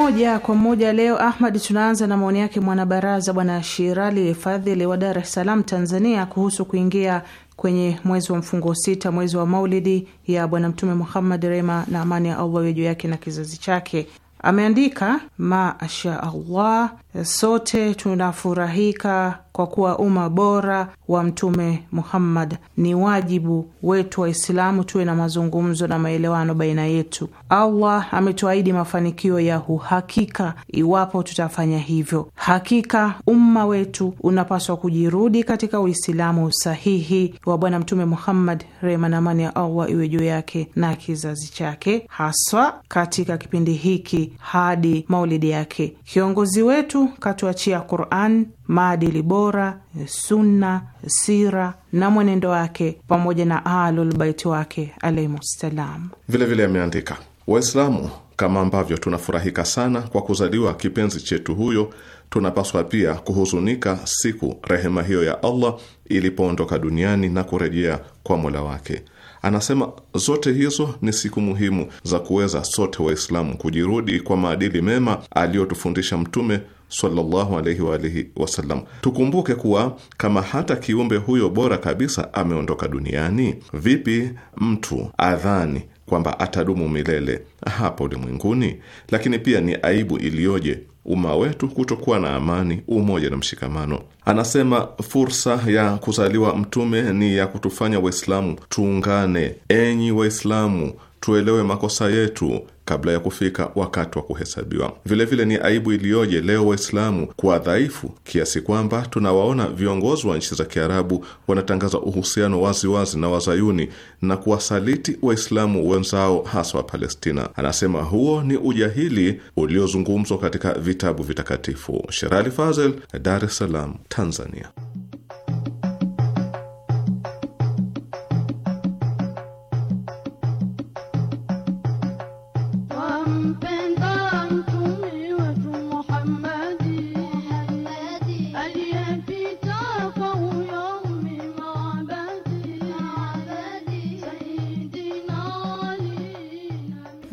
moja kwa moja leo, Ahmad, tunaanza na maoni yake mwanabaraza Bwana Shirali Fadhili wa Dar es Salaam, Tanzania, kuhusu kuingia kwenye mwezi wa mfungo sita, mwezi wa maulidi ya Bwana Mtume Muhammad, rehma na amani ya Allah juu yake na kizazi chake. Ameandika, mashaallah Eh, sote tunafurahika kwa kuwa umma bora wa Mtume Muhammad. Ni wajibu wetu Waislamu tuwe na mazungumzo na maelewano baina yetu. Allah ametuahidi mafanikio ya uhakika iwapo tutafanya hivyo. Hakika umma wetu unapaswa kujirudi katika Uislamu sahihi wa Bwana Mtume Muhammad, rehma na amani ya Allah iwe juu yake na kizazi chake, haswa katika kipindi hiki hadi maulidi yake. Kiongozi wetu yetu katuachia Quran, maadili bora, sunna, sira na mwenendo wake pamoja na Ahlulbaiti wake alaihimussalam. Vilevile ameandika Waislamu kama ambavyo tunafurahika sana kwa kuzaliwa kipenzi chetu huyo, tunapaswa pia kuhuzunika siku rehema hiyo ya Allah ilipoondoka duniani na kurejea kwa mola wake. Anasema zote hizo ni siku muhimu za kuweza sote Waislamu kujirudi kwa maadili mema aliyotufundisha Mtume sallallahu alaihi wa alihi wasallam. Tukumbuke kuwa kama hata kiumbe huyo bora kabisa ameondoka duniani, vipi mtu adhani kwamba atadumu milele hapa ulimwenguni? Lakini pia ni aibu iliyoje umma wetu kutokuwa na amani, umoja na mshikamano. Anasema fursa ya kuzaliwa mtume ni ya kutufanya Waislamu tuungane. Enyi Waislamu, tuelewe makosa yetu kabla ya kufika wakati wa kuhesabiwa. Vilevile ni aibu iliyoje leo Waislamu kuwa dhaifu kiasi kwamba tunawaona viongozi wa nchi za Kiarabu wanatangaza uhusiano waziwazi wazi na wazayuni na kuwasaliti Waislamu wenzao hasa wa Palestina. Anasema huo ni ujahili uliozungumzwa katika vitabu vitakatifu. Sherali Fazel, Dar es Salaam, Tanzania.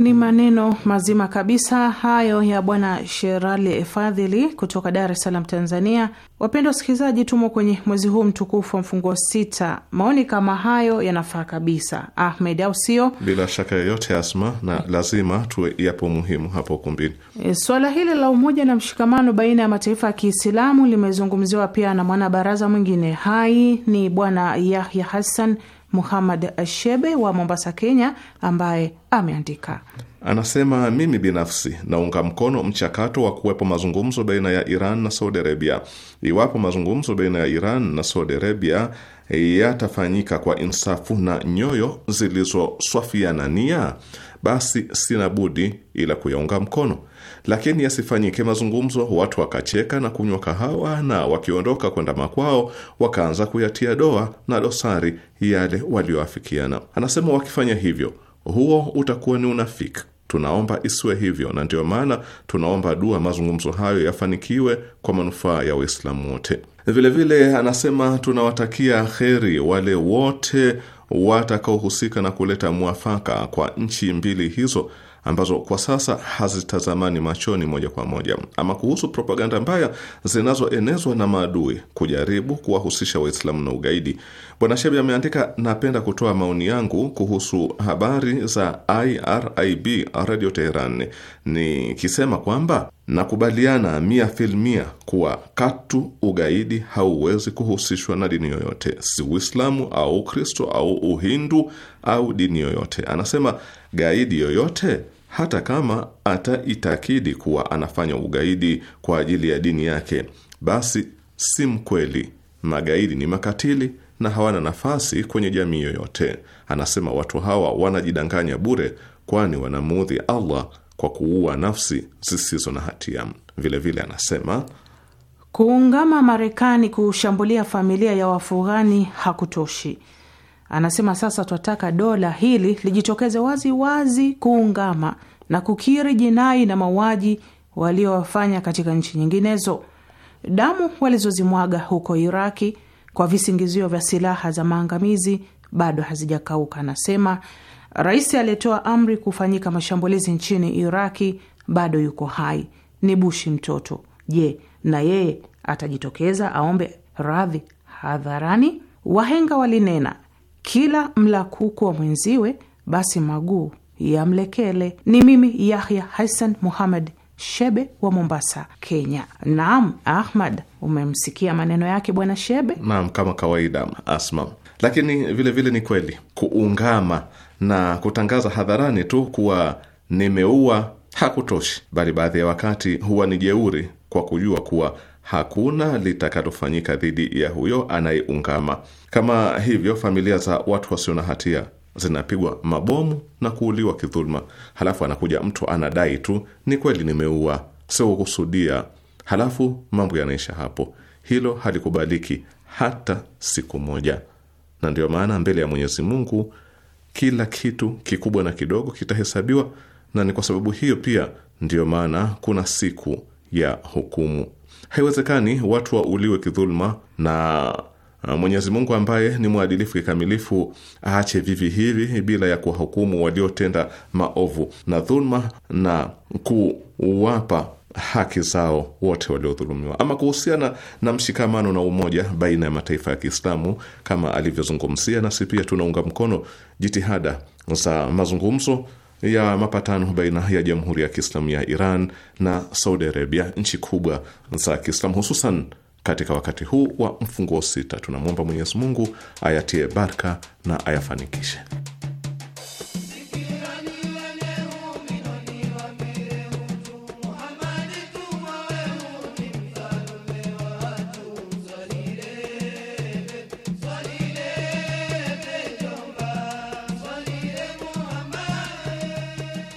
Ni maneno mazima kabisa hayo ya Bwana Sherali Fadhili kutoka Dar es Salaam, Tanzania. Wapendwa wasikilizaji, tumo kwenye mwezi huu mtukufu wa mfungo sita. Maoni kama hayo yanafaa kabisa, Ahmed, au sio? Bila shaka yoyote, Asma, na lazima tuwe yapo muhimu hapo ukumbini. E, swala hili la umoja na mshikamano baina ya mataifa ya Kiislamu limezungumziwa pia na mwanabaraza mwingine hai, ni Bwana Yahya Hassan Muhammad Ashebe wa Mombasa, Kenya, ambaye ameandika anasema, mimi binafsi naunga mkono mchakato wa kuwepo mazungumzo baina ya Iran na Saudi Arabia. Iwapo mazungumzo baina ya Iran na Saudi Arabia yatafanyika kwa insafu na nyoyo zilizoswafiana nia, basi sina budi ila kuyaunga mkono lakini yasifanyike mazungumzo, watu wakacheka na kunywa kahawa, na wakiondoka kwenda makwao wakaanza kuyatia doa na dosari yale walioafikiana. Anasema wakifanya hivyo, huo utakuwa ni unafiki. Tunaomba isiwe hivyo, na ndiyo maana tunaomba dua mazungumzo hayo yafanikiwe kwa manufaa ya Waislamu wote. Vilevile anasema tunawatakia kheri wale wote watakaohusika na kuleta mwafaka kwa nchi mbili hizo ambazo kwa sasa hazitazamani machoni moja kwa moja, ama kuhusu propaganda mbaya zinazoenezwa na maadui kujaribu kuwahusisha Waislamu na ugaidi. Bwana Shebi ameandika, napenda kutoa maoni yangu kuhusu habari za IRIB Radio Teheran nikisema kwamba nakubaliana mia filmia kuwa katu ugaidi hauwezi kuhusishwa na dini yoyote, si Uislamu au Ukristo au Uhindu au dini yoyote. Anasema gaidi yoyote hata kama ataitakidi kuwa anafanya ugaidi kwa ajili ya dini yake, basi si mkweli. Magaidi ni makatili na hawana nafasi kwenye jamii yoyote. Anasema watu hawa wanajidanganya bure, kwani wanamuudhi Allah kwa kuua nafsi zisizo na hatia. Vilevile vile anasema kuungama Marekani kushambulia familia ya Wafughani hakutoshi Anasema sasa twataka dola hili lijitokeze wazi wazi kuungama na kukiri jinai na mauaji waliowafanya katika nchi nyinginezo. Damu walizozimwaga huko Iraki kwa visingizio vya silaha za maangamizi bado hazijakauka. Anasema rais aliyetoa amri kufanyika mashambulizi nchini Iraki bado yuko hai, ni Bushi mtoto. Je, na yeye atajitokeza aombe radhi hadharani? Wahenga walinena kila mla kuku wa mwenziwe, basi maguu yamlekele. Ni mimi Yahya Hassan Muhammad Shebe wa Mombasa, Kenya. Naam, Ahmad, umemsikia maneno yake bwana Shebe. Naam, kama kawaida Asma. Lakini vilevile vile ni kweli kuungama na kutangaza hadharani tu kuwa nimeua hakutoshi, bali baadhi ya wakati huwa ni jeuri kwa kujua kuwa hakuna litakalofanyika dhidi ya huyo anayeungama. Kama hivyo, familia za watu wasio na hatia zinapigwa mabomu na kuuliwa kidhuluma, halafu anakuja mtu anadai tu, ni kweli nimeua, sio kukusudia, halafu mambo yanaisha hapo. Hilo halikubaliki hata siku moja, na ndiyo maana mbele ya Mwenyezi Mungu kila kitu kikubwa na kidogo kitahesabiwa, na ni kwa sababu hiyo pia ndiyo maana kuna siku ya hukumu. Haiwezekani watu wauliwe kidhuluma, na uh, Mwenyezi Mungu ambaye ni mwadilifu kikamilifu aache vivi hivi bila ya kuwahukumu waliotenda maovu na dhuluma na kuwapa haki zao wote waliodhulumiwa. Ama kuhusiana na mshikamano na umoja baina ya mataifa ya Kiislamu kama alivyozungumzia, nasi pia tunaunga mkono jitihada za mazungumzo ya mapatano baina ya Jamhuri ya Kiislamu ya Iran na Saudi Arabia, nchi kubwa za Kiislamu, hususan katika wakati huu wa mfunguo sita. Tunamwomba Mwenyezi Mungu ayatie barka na ayafanikishe.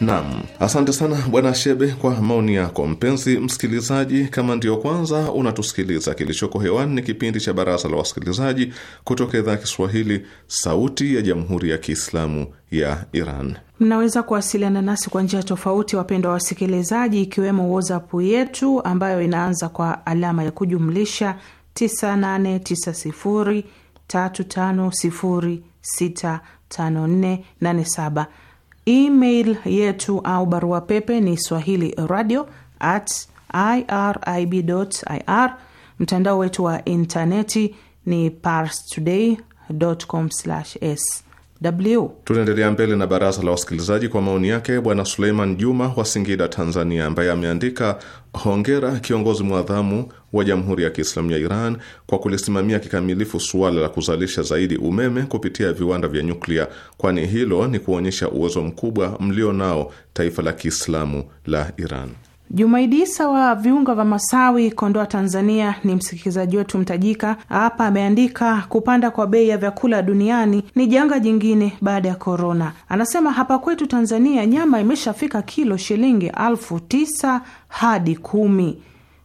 Naam, asante sana bwana Shebe kwa maoni yako. Mpenzi msikilizaji, kama ndiyo kwanza unatusikiliza, kilichoko hewani ni kipindi cha Baraza la Wasikilizaji kutoka idhaa Kiswahili, Sauti ya Jamhuri ya Kiislamu ya Iran. Mnaweza kuwasiliana nasi kwa njia tofauti, wapendwa wasikilizaji, ikiwemo WhatsApp yetu ambayo inaanza kwa alama ya kujumlisha 989035065487 Email yetu au barua pepe ni swahili radio at irib ir. Mtandao wetu wa intaneti ni today com sw Tunaendelea mbele na baraza la wasikilizaji kwa maoni yake Bwana Suleiman Juma wa Singida, Tanzania, ambaye ameandika hongera kiongozi mwadhamu wa Jamhuri ya Kiislamu ya Iran kwa kulisimamia kikamilifu suala la kuzalisha zaidi umeme kupitia viwanda vya nyuklia, kwani hilo ni kuonyesha uwezo mkubwa mlio nao taifa la Kiislamu la Iran. Jumaidisa wa viunga vya Masawi, Kondoa, Tanzania, ni msikilizaji wetu mtajika. Hapa ameandika kupanda kwa bei ya vyakula duniani ni janga jingine baada ya korona. Anasema hapa kwetu Tanzania nyama imeshafika kilo shilingi alfu tisa hadi kumi.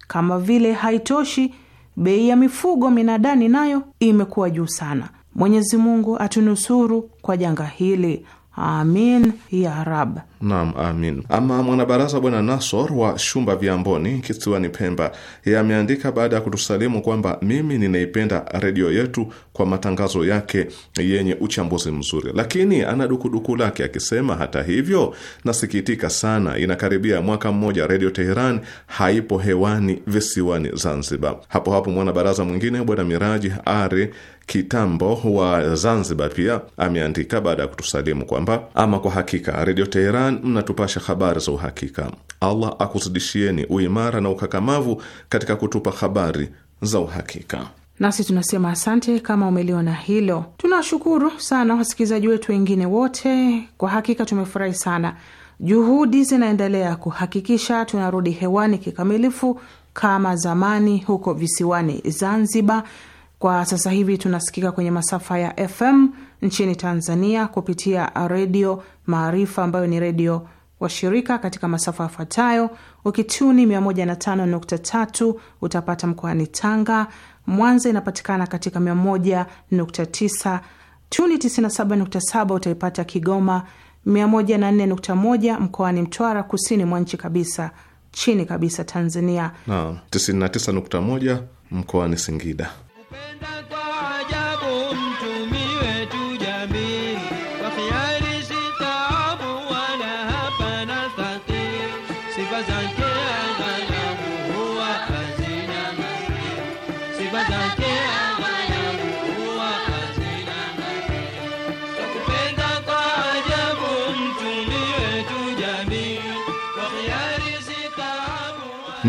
Kama vile haitoshi, bei ya mifugo minadani nayo imekuwa juu sana. Mwenyezi Mungu atunusuru kwa janga hili. Amin ya rab. Naam, amin. Ama mwanabaraza Bwana Nasor wa Shumba Vyamboni, kisiwani Pemba, yeye ameandika baada ya kutusalimu kwamba mimi ninaipenda redio yetu kwa matangazo yake yenye uchambuzi mzuri, lakini ana dukuduku lake akisema, hata hivyo, nasikitika sana, inakaribia mwaka mmoja redio Teheran haipo hewani visiwani Zanzibar. Hapo hapo mwanabaraza mwingine Bwana Miraji Ari Kitambo wa Zanzibar pia ameandika baada ya kutusalimu kwamba ama kwa hakika Redio Teheran mnatupasha habari za uhakika. Allah akuzidishieni uimara na ukakamavu katika kutupa habari za uhakika. Nasi tunasema asante kama umeliona hilo. Tunashukuru sana wasikilizaji wetu wengine wote, kwa hakika tumefurahi sana. Juhudi zinaendelea kuhakikisha tunarudi hewani kikamilifu kama zamani huko visiwani Zanzibar kwa sasa hivi tunasikika kwenye masafa ya FM nchini Tanzania kupitia redio Maarifa ambayo ni redio washirika katika masafa yafuatayo: ukituni 105.3 utapata mkoani Tanga. Mwanza inapatikana katika 101.9. Tuni 97.7 utaipata Kigoma, 104.1 mkoani Mtwara, kusini mwa nchi kabisa, chini kabisa Tanzania, na 99.1 mkoani Singida. Vendan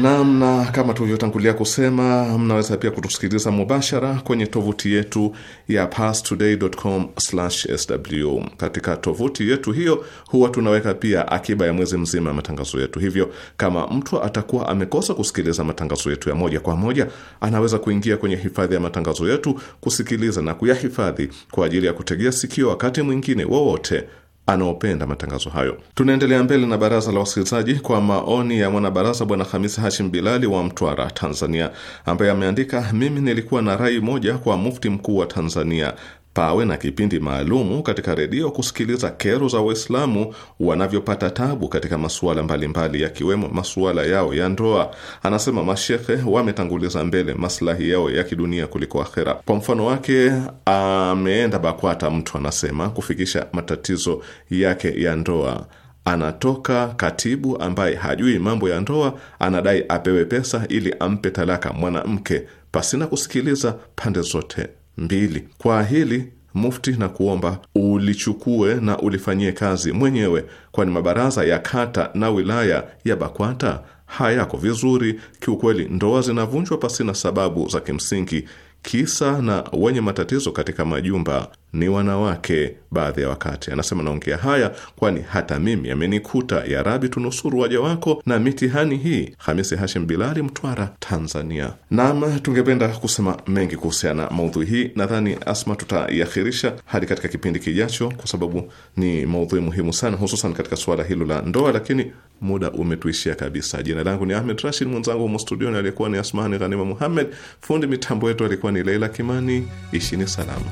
namna kama tulivyotangulia kusema, mnaweza pia kutusikiliza mubashara kwenye tovuti yetu ya pastoday.com/sw. Katika tovuti yetu hiyo huwa tunaweka pia akiba ya mwezi mzima ya matangazo yetu, hivyo kama mtu atakuwa amekosa kusikiliza matangazo yetu ya moja kwa moja, anaweza kuingia kwenye hifadhi ya matangazo yetu, kusikiliza na kuyahifadhi kwa ajili ya kutegea sikio wakati mwingine wowote wa anaopenda matangazo hayo. Tunaendelea mbele na baraza la wasikilizaji kwa maoni ya mwanabaraza Bwana Hamisi Hashim Bilali wa Mtwara, Tanzania, ambaye ameandika, mimi nilikuwa na rai moja kwa mufti mkuu wa Tanzania pawe na kipindi maalumu katika redio kusikiliza kero za Waislamu wanavyopata tabu katika masuala mbalimbali yakiwemo masuala yao ya ndoa. Anasema mashekhe wametanguliza mbele maslahi yao ya kidunia kuliko akhera. Kwa mfano wake, ameenda BAKWATA mtu anasema kufikisha matatizo yake ya ndoa Anatoka katibu ambaye hajui mambo ya ndoa, anadai apewe pesa ili ampe talaka mwanamke pasina kusikiliza pande zote Mbili, kwa hili Mufti na kuomba ulichukue na ulifanyie kazi mwenyewe, kwani mabaraza ya kata na wilaya ya BAKWATA hayako vizuri kiukweli. Ndoa zinavunjwa pasina sababu za kimsingi kisa na wenye matatizo katika majumba ni wanawake baadhi ya wakati. Anasema, naongea haya kwani hata mimi amenikuta. Ya Rabi, tunusuru waja wako na mitihani hii. Hamisi Hashim Bilali, Mtwara, Tanzania. Naam, tungependa kusema mengi kuhusiana na maudhui hii. Nadhani Asma, tutaiakhirisha hadi katika kipindi kijacho, kwa sababu ni maudhui muhimu sana, hususan katika suala hilo la ndoa, lakini muda umetuishia kabisa. Jina langu ni Ahmed Rashid, mwenzangu humo studioni aliyekuwa ni Asmahani Ghanima Muhammed, fundi mitambo yetu alikuwa ni Leila Kimani. Ishini salama.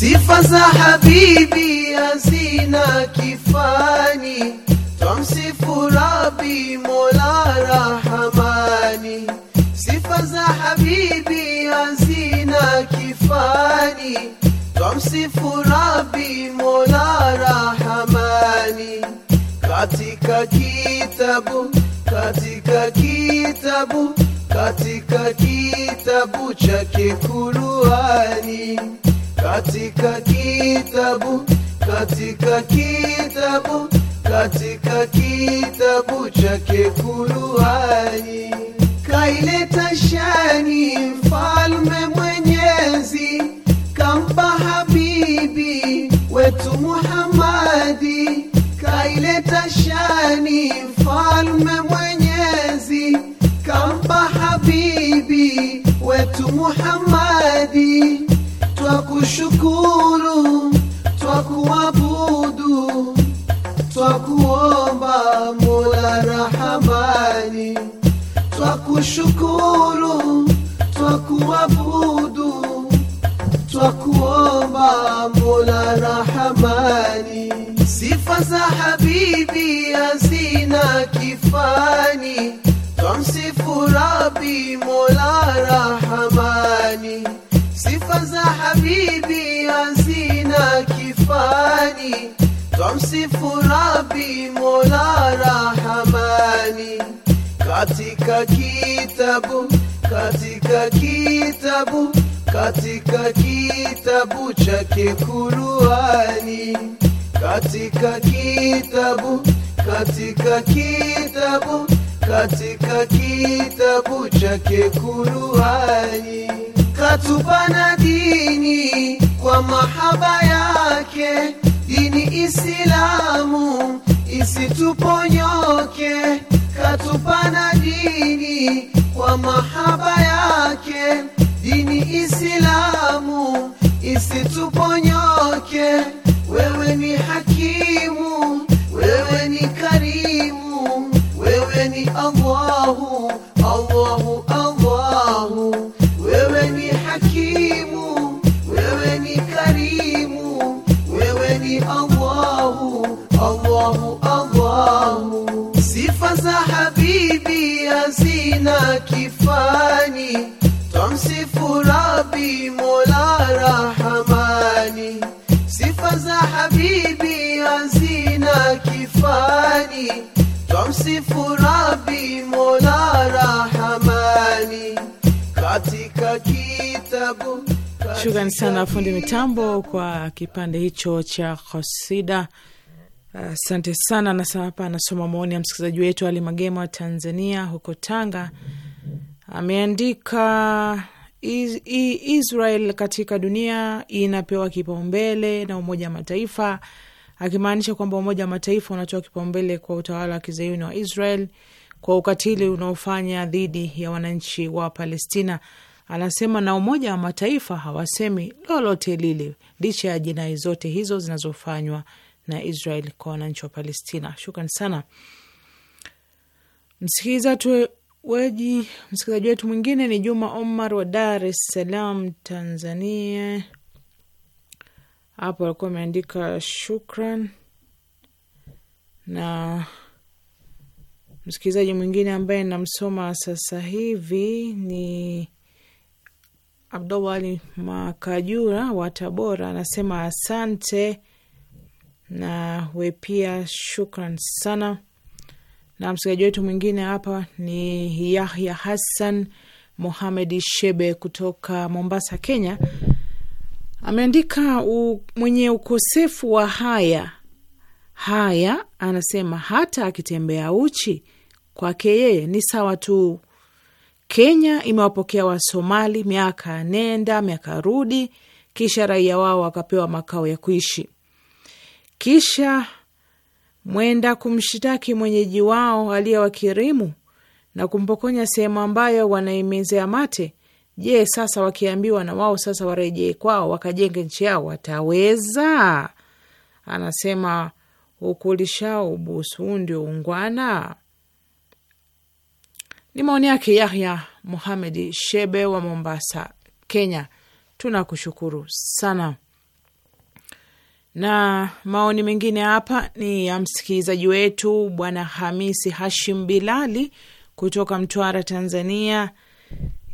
Sifa za habibi hazina kifani, twamsifu Rabi Mola Rahamani. Sifa za habibi hazina kifani, twamsifu Rabi Mola Rahamani. Katika kitabu, katika kitabu, katika kitabu chake Qur'ani katika kitabu katika kitabu katika kitabu chake kuluhani kaileta shani mfalme mwenyezi kampa habibi wetu Muhammadi kaileta shani mfalme mwenyezi kampa habibi wetu Muhammadi twakushukuru, twakuabudu, twakuomba Mola Rahamani, twakushukuru, twakuabudu, twakuomba Mola Rahamani, sifa za habibi hazina kifani, twamsifu Rabi Mola Rahamani Sifa za habibi hazina kifani, twamsifu Rabi Mola Rahamani, katika kitabu katika kitabu katika kitabu chake Qur'ani, katika kitabu katika kitabu katika kitabu chake Qur'ani. katupana dini kwa mahaba yake, dini Islamu isituponyoke, katupana dini kwa mahaba yake, dini Islamu isituponyoke, wewe ni hakimu kumsifu Mola Rahamani katika kitabu. Shukrani sana fundi mitambo kwa kipande hicho cha kosida. Asante uh, sana. Na sasa hapa anasoma maoni ya msikilizaji wetu Ali Magema wa Tanzania, huko Tanga. Ameandika Israel katika dunia inapewa kipaumbele na Umoja wa Mataifa akimaanisha kwamba Umoja wa Mataifa unatoa kipaumbele kwa utawala wa kizayuni wa Israel kwa ukatili unaofanya dhidi ya wananchi wa Palestina. Anasema na Umoja wa Mataifa hawasemi lolote lile licha ya jinai zote hizo zinazofanywa na Israel kwa wananchi wa Palestina. Shukran sana msikilizaji wetu. Mwingine ni Juma Omar wa Dar es Salaam, Tanzania hapo walikuwa ameandika shukran. Na msikilizaji mwingine ambaye namsoma sasa hivi ni Abdulali Makajura wa Tabora, anasema asante na we pia shukran sana. Na msikilizaji wetu mwingine hapa ni Yahya Hassan muhamedi Shebe kutoka Mombasa, Kenya ameandika u, mwenye ukosefu wa haya haya, anasema hata akitembea uchi kwake yeye ni sawa tu. Kenya imewapokea Wasomali miaka nenda miaka rudi, kisha raia wao wakapewa makao ya kuishi. Kisha mwenda kumshitaki mwenyeji wao aliyewakirimu na kumpokonya sehemu ambayo wanaimezea mate Je, sasa wakiambiwa na wao sasa warejee kwao wakajenge nchi yao wataweza? Anasema ukulishao busu ndio ungwana. Ni maoni yake Yahya Muhamedi Shebe wa Mombasa, Kenya. Tunakushukuru sana. Na maoni mengine hapa ni ya msikilizaji wetu Bwana Hamisi Hashim Bilali kutoka Mtwara, Tanzania.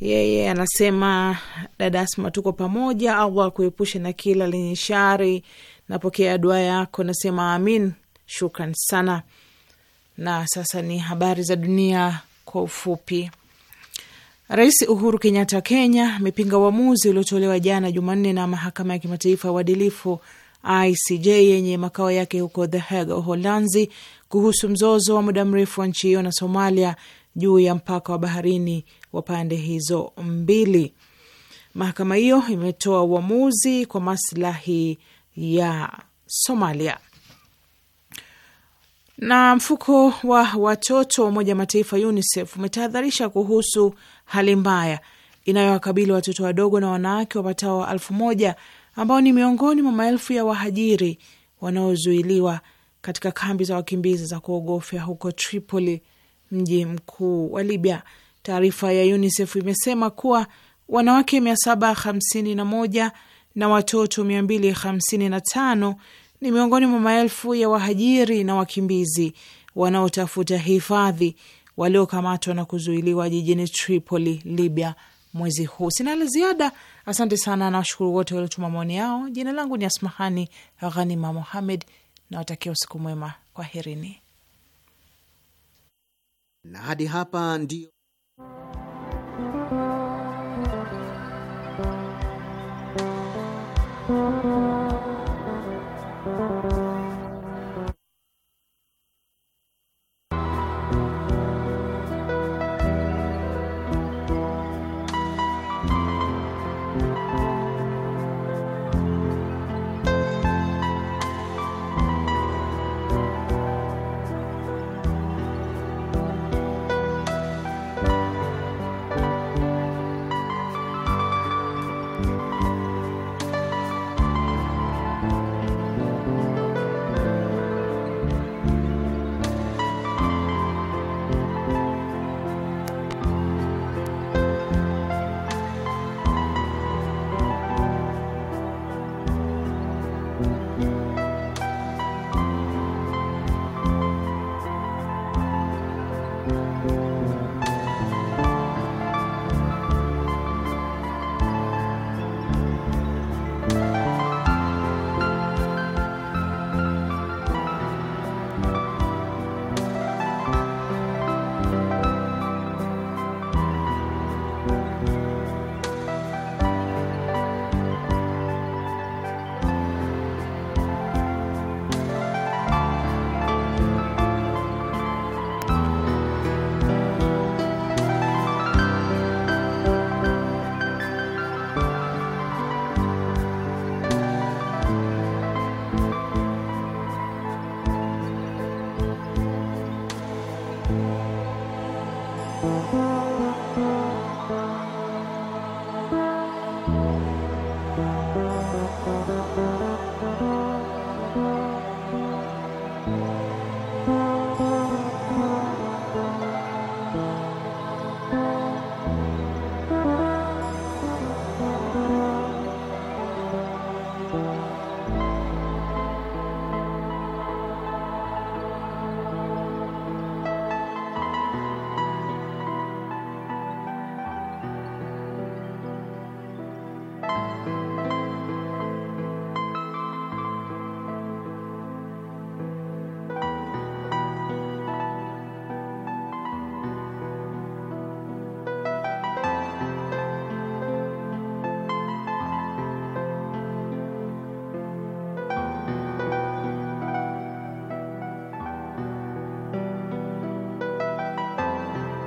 Yeye anasema dada Asma, tuko pamoja. Allah akuepushe na kila lenye shari. Napokea dua yako, nasema amin. Shukran sana. Na sasa ni habari za dunia kwa ufupi. Rais Uhuru Kenyatta Kenya amepinga uamuzi uliotolewa jana Jumanne na mahakama ya kimataifa ya uadilifu ICJ yenye makao yake huko The Hague, Uholanzi, kuhusu mzozo wa muda mrefu wa nchi hiyo na Somalia juu ya mpaka wa baharini wa pande hizo mbili. Mahakama hiyo imetoa uamuzi kwa maslahi ya Somalia. Na mfuko wa watoto wa Umoja wa Mataifa UNICEF umetahadharisha kuhusu hali mbaya inayowakabili watoto wadogo na wanawake wapatao elfu moja ambao ni miongoni mwa maelfu ya wahajiri wanaozuiliwa katika kambi za wakimbizi za kuogofya huko Tripoli mji mkuu wa Libya. Taarifa ya UNICEF imesema kuwa wanawake 751 na, na watoto 255 ni miongoni mwa maelfu ya wahajiri na wakimbizi wanaotafuta hifadhi waliokamatwa na kuzuiliwa jijini Tripoli, Libya mwezi huu. Sina la ziada. Asante sana, na washukuru wote waliotuma maoni yao. Jina langu ni Asmahani Ghanima Mohamed, nawatakia usiku mwema. Kwaherini. Na hadi hapa ndio